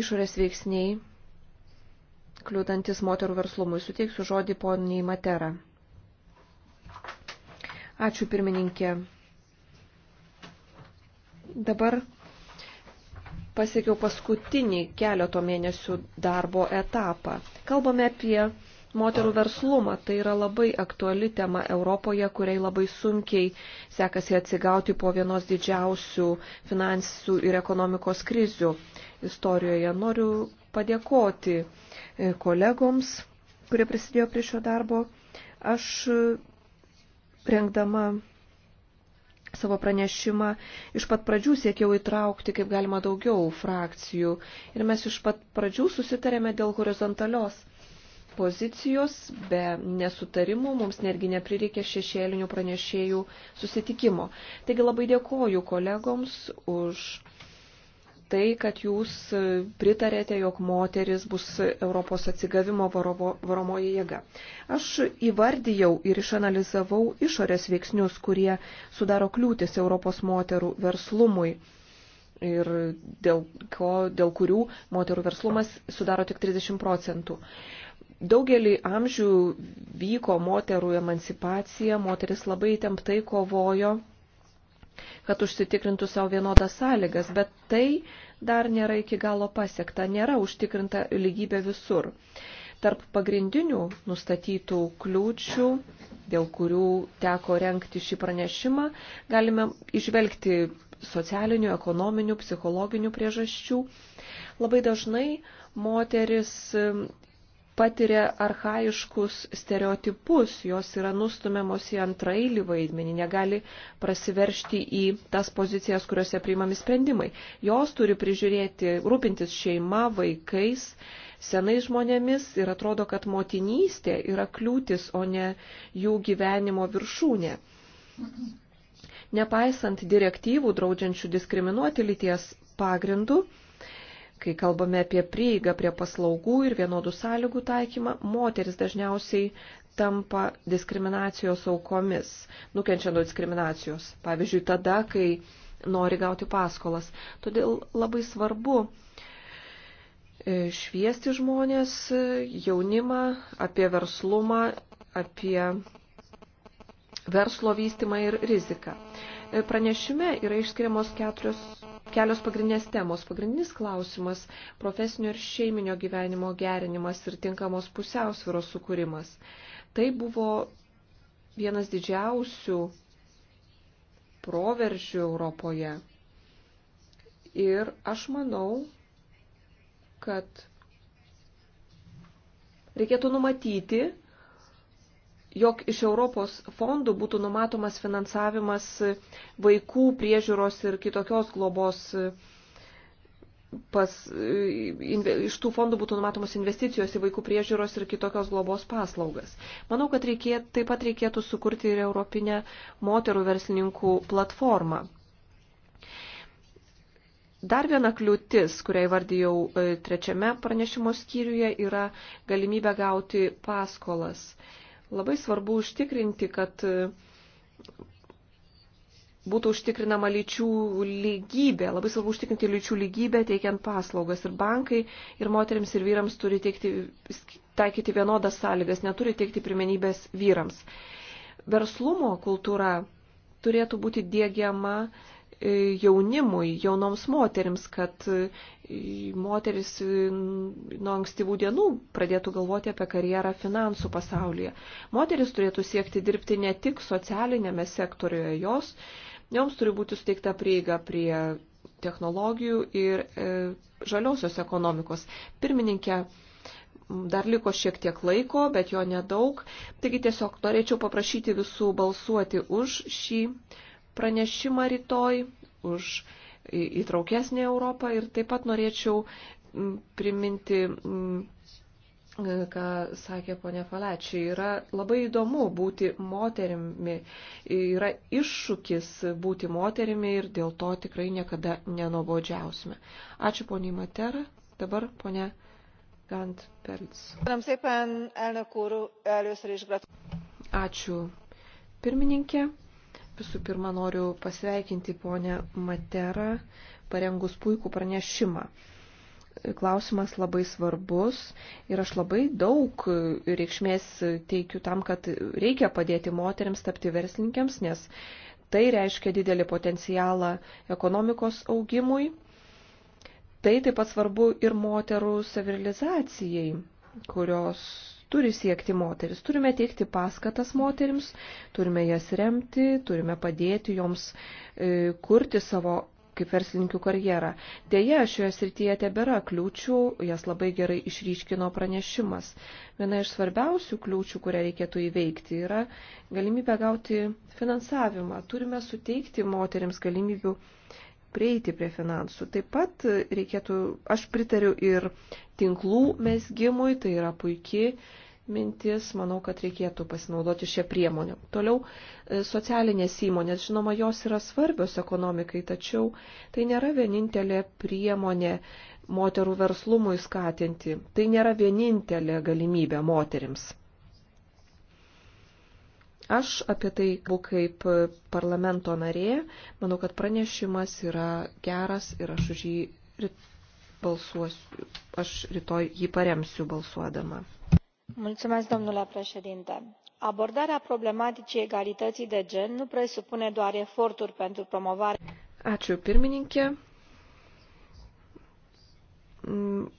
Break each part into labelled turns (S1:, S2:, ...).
S1: išorės veiksniai, kliūdantis moterų verslumui. Suteiksiu žodį poniai Matera. Ačiū pirmininkė. Dabar pasiekiau paskutinį keleto mėnesių darbo etapą. Kalbame apie moterų verslumą. Tai yra labai aktuali tema Europoje, kuriai labai sunkiai sekasi atsigauti po vienos didžiausių finansų ir ekonomikos krizių istorijoje. Noriu padėkoti e, kolegoms, kurie prisidėjo prie šio darbo. Aš e, rengdama savo pranešimą iš pat pradžių siekiau įtraukti kaip galima daugiau frakcijų ir mes iš pat pradžių susitarėme dėl horizontalios pozicijos, be nesutarimų mums netgi neprireikė šešėlinių pranešėjų susitikimo. Taigi labai dėkoju kolegoms už tai, kad jūs e, pritarėte, jog moteris bus Europos atsigavimo varovo, varomoji jėga. Aš įvardijau ir išanalizavau išorės veiksnius, kurie sudaro kliūtis Europos moterų verslumui ir dėl, ko, dėl kurių moterų verslumas sudaro tik 30 procentų. Daugelį amžių vyko moterų emancipacija, moteris labai temptai kovojo kad užsitikrintų savo vienodas sąlygas, bet tai dar nėra iki galo pasiekta, nėra užtikrinta lygybė visur. Tarp pagrindinių nustatytų kliūčių, dėl kurių teko renkti šį pranešimą, galime išvelgti socialinių, ekonominių, psichologinių priežasčių. Labai dažnai moteris patiria arhaiškus stereotipus, jos yra nustumiamos į antrailį vaidmenį, negali prasiveršti į tas pozicijas, kuriuose priimami sprendimai. Jos turi prižiūrėti, rūpintis šeima, vaikais, senais žmonėmis ir atrodo, kad motinystė yra kliūtis, o ne jų gyvenimo viršūnė. Nepaisant direktyvų draudžiančių diskriminuoti lyties pagrindų, Kai kalbame apie prieigą prie paslaugų ir vienodų sąlygų taikymą, moteris dažniausiai tampa diskriminacijos aukomis, nukenčia nuo diskriminacijos. Pavyzdžiui, tada, kai nori gauti paskolas. Todėl labai svarbu e, šviesti žmonės, jaunimą apie verslumą, apie verslo vystimą ir riziką. E, pranešime yra išskiriamos keturios kelios pagrindinės temos. Pagrindinis klausimas - profesinio ir šeiminio gyvenimo gerinimas ir tinkamos pusiausviros sukūrimas. Tai buvo vienas didžiausių proveržių Europoje. Ir aš manau, kad reikėtų numatyti jog iš Europos fondų būtų numatomas finansavimas vaikų priežiūros ir kitokios globos e, pas, e, inve, iš tų fondų būtų numatomos investicijos į vaikų priežiūros ir kitokios globos paslaugas. Manau, kad reikėt, taip pat reikėtų sukurti ir Europinę moterų verslininkų platformą. Dar viena kliūtis, kurią įvardijau e, trečiame pranešimo skyriuje, yra galimybė gauti paskolas. Labai svarbu užtikrinti, kad e, būtų užtikrinama lyčių lygybė. Labai svarbu užtikrinti lyčių lygybę, teikiant paslaugas. Ir bankai, ir moteriams, ir vyrams turi teikti, taikyti vienodas sąlygas, neturi teikti pirmenybės vyrams. Verslumo kultūra turėtų būti dėgiama jaunimui, jaunoms moterims, kad moteris nuo ankstyvų dienų pradėtų galvoti apie karjerą finansų pasaulyje. Moteris turėtų siekti dirbti ne tik socialinėme sektoriuje jos, joms turi būti suteikta prieiga prie technologijų ir e, žaliosios ekonomikos. Pirmininkė, dar liko šiek tiek laiko, bet jo nedaug. Taigi tiesiog norėčiau paprašyti visų balsuoti už šį pranešimą rytoj už įtraukesnį Europą ir taip pat norėčiau priminti, ką sakė ponė Falečiai, yra labai įdomu būti moterimi, yra iššūkis būti moterimi ir dėl to tikrai niekada nenobodžiausime. Ačiū poniai Matera, dabar ponė Gant Pelts. Ačiū pirmininkė. Visų pirma, noriu pasveikinti ponę Materą, parengus puikų pranešimą. Klausimas labai svarbus ir aš labai daug reikšmės teikiu tam, kad reikia padėti moteriams tapti verslininkėms, nes tai reiškia didelį potencialą ekonomikos augimui. Tai taip pat svarbu ir moterų savirilizacijai, kurios turi siekti moteris. Turime teikti paskatas moterims, turime jas remti, turime padėti joms e, kurti savo kaip verslininkių karjerą. Deja, šioje srityje tebėra kliūčių, jas labai gerai išryškino pranešimas. Viena iš svarbiausių kliūčių, kurią reikėtų įveikti, yra galimybė gauti finansavimą. Turime suteikti moteriams galimybių prieiti prie finansų. Taip pat reikėtų, aš pritariu ir tinklų mesgimui, tai yra puikiai mintis, manau, kad reikėtų pasinaudoti šią priemonę. Toliau e, socialinės įmonės, žinoma, jos yra svarbios ekonomikai, tačiau tai nėra vienintelė priemonė moterų verslumui skatinti, tai nėra vienintelė galimybė moterims. Aš apie tai buvau kaip parlamento narė. Manau, kad pranešimas yra geras ir aš už jį balsuosiu. Aš rytoj jį paremsiu balsuodama. Mulțumesc, domnule președinte abordarea problematicii egalității de gen nu presupune doar eforturi pentru promovarea. ačiū pirmininke mm,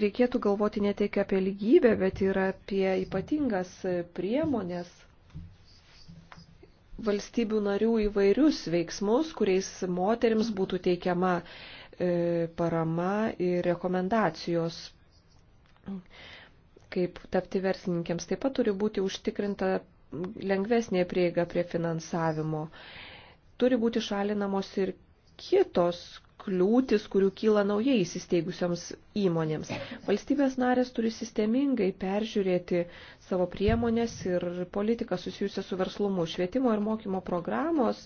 S1: reikėtų galvoti ne tik apie lygybę, bet ir apie ypatingas priemonės valstybių narių įvairius veiksmus, kuriais moteriams būtų teikiama e, parama ir rekomendacijos, kaip tapti verslininkėms. Taip pat turi būti užtikrinta lengvesnė prieiga prie finansavimo. Turi būti šalinamos ir kitos kliūtis, kurių kyla naujai įsisteigusioms įmonėms. Valstybės narės turi sistemingai peržiūrėti savo priemonės ir politiką susijusią su verslumu. Švietimo ir mokymo programos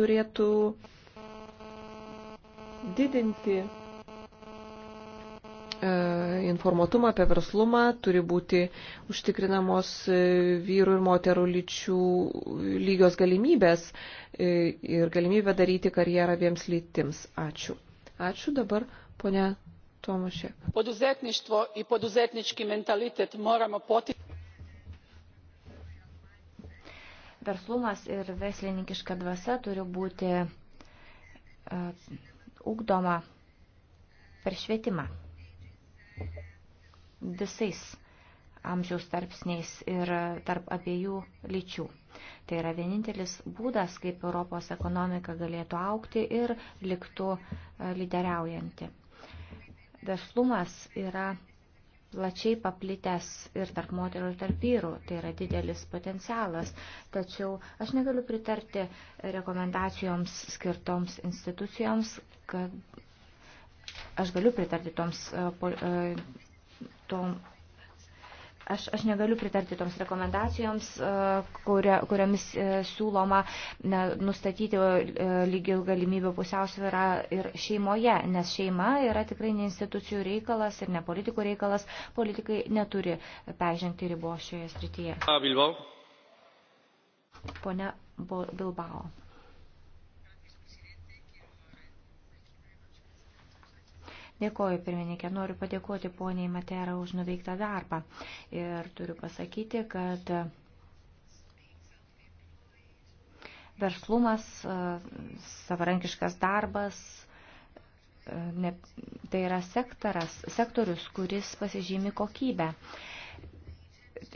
S1: turėtų didinti E, informuotumą apie verslumą, turi būti užtikrinamos e, vyrų ir moterų lyčių lygios galimybės e, ir galimybė daryti karjerą abiems lytims. Ačiū. Ačiū dabar, ponia Tomašė. Poduzetništvo i poduzetnički mentalitet moramo potikti.
S2: Verslumas ir verslininkiška dvasia turi būti uh, ugdoma per švietimą visais amžiaus tarpsniais ir tarp abiejų lyčių. Tai yra vienintelis būdas, kaip Europos ekonomika galėtų aukti ir liktų e, lyderiaujanti. Verslumas yra plačiai paplitęs ir tarp moterų, ir tarp vyrų. Tai yra didelis potencialas. Tačiau aš negaliu pritarti rekomendacijoms skirtoms institucijoms, kad Aš galiu pritarti toms, e, e, tom, aš, aš negaliu pritarti toms rekomendacijoms, e, kuria, kuriamis siūloma nustatyti lygių galimybių pusiausvyrą ir šeimoje, nes šeima yra tikrai ne institucijų reikalas ir ne politikų reikalas. Politikai neturi peržengti ribos šioje srityje. Bilbao. Pone Bilbao. Dėkoju, pirmininkė. Noriu padėkoti poniai Matera už nuveiktą darbą. Ir turiu pasakyti, kad e, verslumas, e, savarankiškas darbas, e, ne, tai yra sektoras, sektorius, kuris pasižymi kokybę.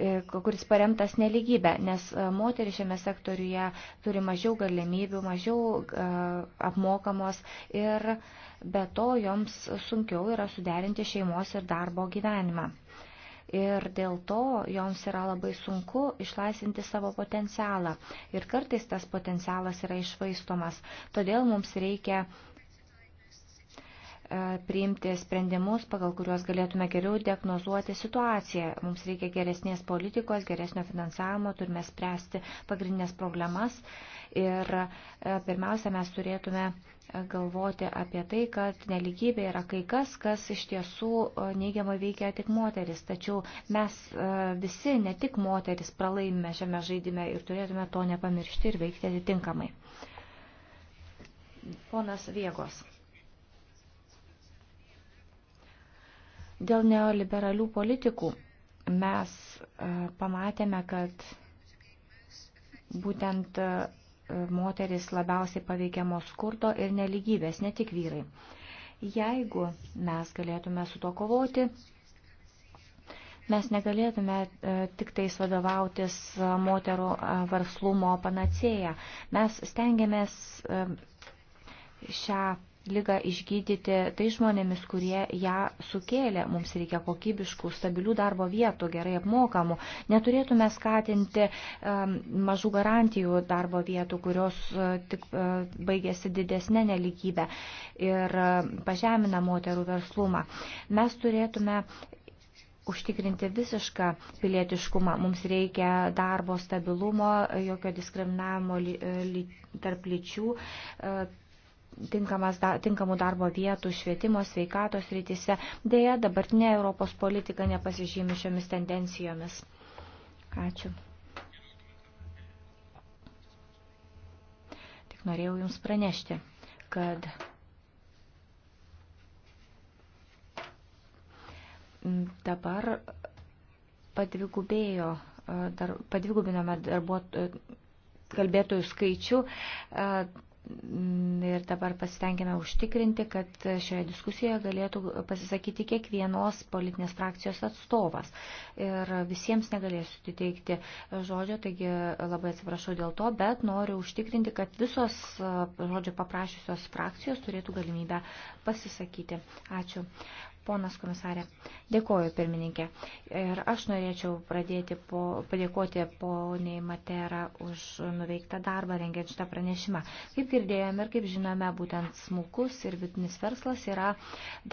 S2: E, kuris paremtas neligybė, nes e, moteris šiame sektoriuje turi mažiau galimybių, mažiau e, apmokamos ir be to joms sunkiau yra suderinti šeimos ir darbo gyvenimą. Ir dėl to joms yra labai sunku išlaisinti savo potencialą. Ir kartais tas potencialas yra išvaistomas. Todėl mums reikia E, priimti sprendimus, pagal kuriuos galėtume geriau diagnozuoti situaciją. Mums reikia geresnės politikos, geresnio finansavimo, turime spręsti pagrindinės problemas ir e, pirmiausia, mes turėtume e, galvoti apie tai, kad neligybė yra kai kas, kas iš tiesų neigiamai veikia tik moteris. Tačiau mes visi, ne tik moteris, pralaimime šiame žaidime ir turėtume to nepamiršti ir veikti atitinkamai. Ponas Viegos. Dėl neoliberalių politikų mes e, pamatėme, kad būtent e, moteris labiausiai paveikiamos skurdo ir neligybės, ne tik vyrai. Jeigu mes galėtume su to kovoti, mes negalėtume e, tik tais vadovautis moterų verslumo panacėja. Mes stengiamės šią lygą išgydyti tai žmonėmis, kurie ją sukėlė. Mums reikia kokybiškų, stabilių darbo vietų, gerai apmokamų. Neturėtume skatinti um, mažų garantijų darbo vietų, kurios uh, tik uh, baigėsi didesnė neligybė ir uh, pažemina moterų verslumą. Mes turėtume užtikrinti visišką pilietiškumą. Mums reikia darbo stabilumo, jokio diskriminavimo tarp lyčių, da, tinkamų darbo vietų švietimo sveikatos rytise. Deja, dabartinė Europos politika nepasižymi šiomis tendencijomis. Ačiū. Tik norėjau Jums pranešti, kad dabar padvigubėjo, dar, padvigubinome darbuotojų kalbėtojų skaičių ir dabar pasitenkime užtikrinti, kad šioje diskusijoje galėtų pasisakyti kiekvienos politinės frakcijos atstovas. Ir visiems negalėsiu suteikti žodžio, taigi labai atsiprašau dėl to, bet noriu užtikrinti, kad visos žodžio paprašysios frakcijos turėtų galimybę pasisakyti. Ačiū. Ponas komisarė, dėkoju pirmininkė. Ir aš norėčiau pradėti po, padėkoti poniai Matera už nuveiktą darbą rengiant šitą pranešimą. Kaip girdėjome ir kaip žinome, būtent smulkus ir vidutinis verslas yra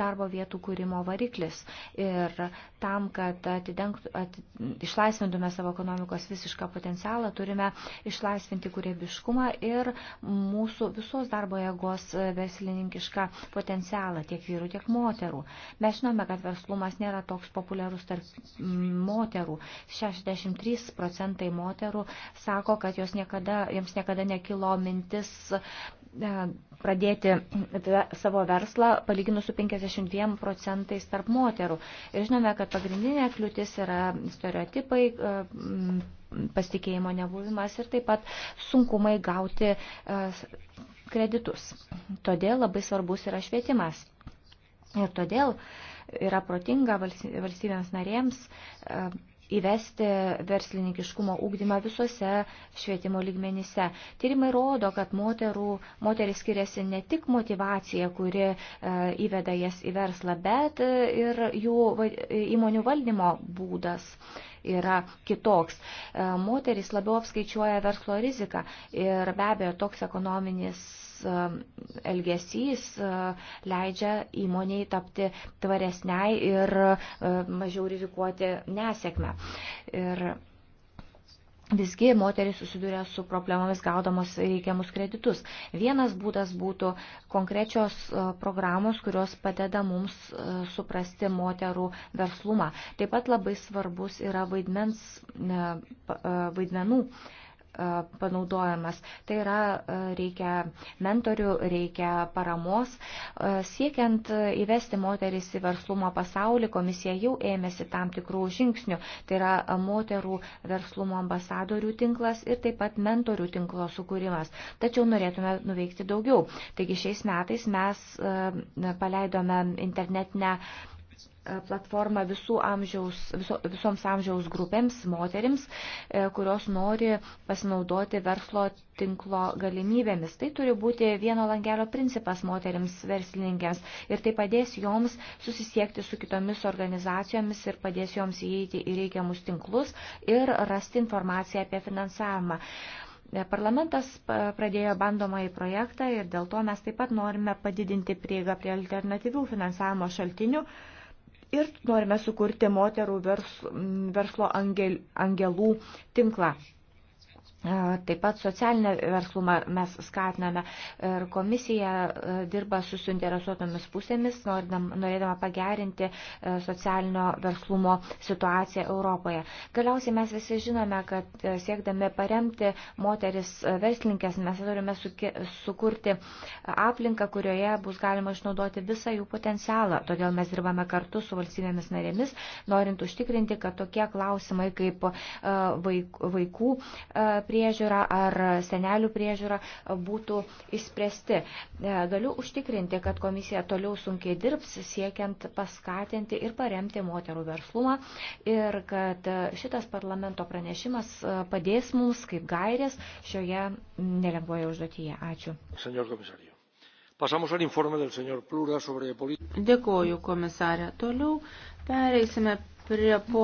S2: darbo vietų kūrimo variklis. Ir tam, kad atidengtų, at, išlaisvintume savo ekonomikos visišką potencialą, turime išlaisvinti kūrybiškumą ir mūsų visos darbo jėgos verslininkišką potencialą tiek vyrų, tiek moterų. Mes žinome, kad verslumas nėra toks populiarus tarp moterų. 63 procentai moterų sako, kad jos niekada, jiems niekada nekilo mintis e, pradėti savo verslą, palyginus su 52 procentais tarp moterų. Ir žinome, kad pagrindinė kliūtis yra stereotipai, e, pasitikėjimo nebuvimas ir taip pat sunkumai gauti e, kreditus. Todėl labai svarbus yra švietimas. Ir todėl yra protinga valstybėms narėms e, įvesti verslininkiškumo ūkdymą visuose švietimo lygmenyse. Tyrimai rodo, kad moterų, moteris skiriasi ne tik motivacija, kuri e, įveda jas į verslą, bet e, ir jų va, įmonių valdymo būdas yra kitoks. E, moterys labiau apskaičiuoja verslo riziką ir be abejo toks ekonominis e, elgesys e, leidžia įmoniai tapti tvaresniai ir mažiau rizikuoti nesėkmę. Ir Visgi moteris susiduria su problemomis gaudamos reikiamus kreditus. Vienas būdas būtų konkrečios e, programos, kurios padeda mums e, suprasti moterų verslumą. Taip pat labai svarbus yra vaidmens, e, vaidmenų panaudojamas. Tai yra reikia mentorių, reikia paramos. Siekiant įvesti moteris į verslumo pasaulį, komisija jau ėmėsi tam tikrų žingsnių. Tai yra moterų verslumo ambasadorių tinklas ir taip pat mentorių tinklo sukūrimas. Tačiau norėtume nuveikti daugiau. Taigi šiais metais mes paleidome internetinę E, platformą visų amžiaus, viso, visoms amžiaus grupėms, moterims, e, kurios nori pasinaudoti verslo tinklo galimybėmis. Tai turi būti vieno langelio principas moteriams verslininkėms ir tai padės joms susisiekti su kitomis organizacijomis ir padės joms įeiti į reikiamus tinklus ir rasti informaciją apie finansavimą. E, parlamentas pradėjo bandomąjį projektą ir dėl to mes taip pat norime padidinti prieigą prie alternatyvių finansavimo šaltinių ir norime sukurti moterų verslo angel, angelų tinklą. Taip pat socialinę verslumą mes skatiname ir komisija e, dirba su suinteresuotomis pusėmis, norėdama pagerinti e, socialinio verslumo situaciją Europoje. Galiausiai mes visi žinome, kad e, siekdami paremti moteris verslininkės, mes turime sukurti aplinką, kurioje bus galima išnaudoti visą jų potencialą. Todėl mes dirbame kartu su valstybėmis narėmis, norint užtikrinti, kad tokie klausimai kaip vaikų priežiūra ar senelių priežiūra būtų išspręsti. E, galiu užtikrinti, kad komisija toliau sunkiai dirbs, siekiant paskatinti ir paremti moterų verslumą ir kad šitas parlamento pranešimas e, padės mums kaip gairės šioje nelengvoje užduotyje. Ačiū. Dėkoju, komisarė. Toliau pereisime prie po.